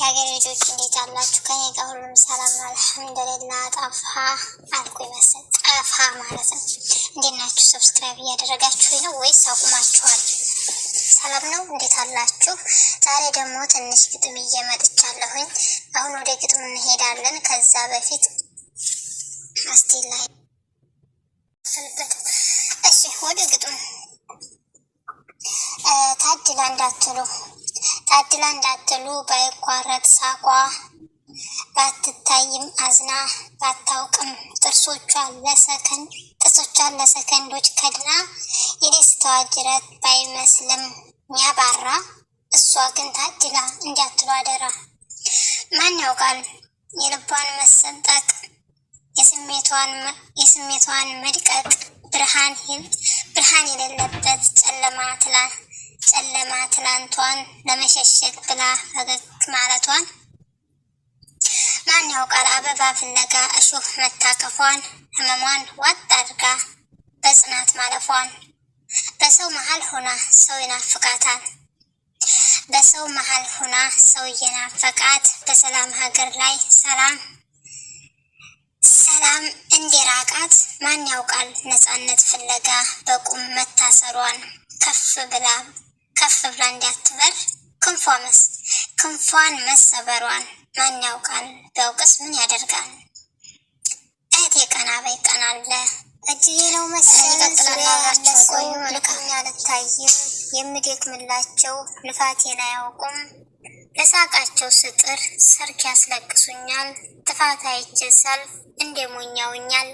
የሀገር ልጆች እንዴት አላችሁ? ከኔ ጋር ሁሉም ሰላም ነው፣ አልሐምዱሊላ። ጠፋ አልኩ ይመስል ጠፋ ማለት ነው። እንዴት ናችሁ? ሰብስክራይብ እያደረጋችሁ ነው ወይስ አቁማችኋል? ሰላም ነው፣ እንዴት አላችሁ? ዛሬ ደግሞ ትንሽ ግጥም እየመጥቻለሁኝ። አሁን ወደ ግጥም እንሄዳለን። ከዛ በፊት እስቲ ላይ እሺ፣ ወደ ግጥም ታድላ እንዳትሉ ታድላ እንዳትሉ ባይቋረጥ ሳቋ ባትታይም አዝና ባታውቅም ጥርሶቿን ለሰከንድ ጥርሶቿን ለሰከንዶች ከድና የደስታዋ ጅረት ባይመስልም ሚያባራ እሷ ግን ታድላ እንዲያትሉ አደራ። ማን ያውቃል የልቧን መሰንጠቅ የስሜቷን መድቀቅ ብርሃን የሌለበት ጨለማ ትላል ጨለማ ትላንቷን ለመሸሸግ ብላ ፈገግ ማለቷን ማን ያውቃል? አበባ ፍለጋ እሾህ መታቀፏን ህመሟን ዋጥ አድርጋ በጽናት ማለፏን በሰው መሀል ሆና ሰው ይናፍቃታል። በሰው መሀል ሆና ሰው እየናፈቃት በሰላም ሀገር ላይ ሰላም ሰላም እንዲራቃት ማን ያውቃል? ነፃነት ፍለጋ በቁም መታሰሯን ከፍ ብላ እንዳትበር ክንፏን መሰበሯን ማን ያውቃል? ቢያውቅስ ምን ያደርጋል? እህቴ ቀና በይ ቀና አለ እጅዬ ነው መሰለኝ ዙሪያ ያለ ሰው ልቅም ያልታየ የምደክምላቸው ልፋቴን አያውቁም። ለሳቃቸው ስጥር ሰርክ ያስለቅሱኛል። ጥፋት አይቼ ሰልፍ እንደ ሞኛውኛል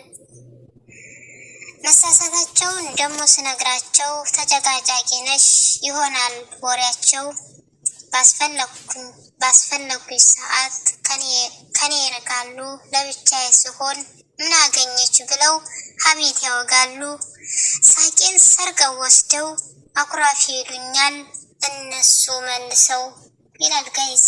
መሳሳታቸውን ደግሞ ስነግራቸው ተጨቃጫቂ ነሽ ይሆናል ወሬያቸው ባስፈለጉኝ ሰዓት ከኔ ይርቃሉ ለብቻዬ ስሆን ምን አገኘች ብለው ሀሜት ያወጋሉ። ሳቄን ሰርቀው ወስደው አኩራፊ ይሉኛል እነሱ መልሰው ይላል ጋይዝ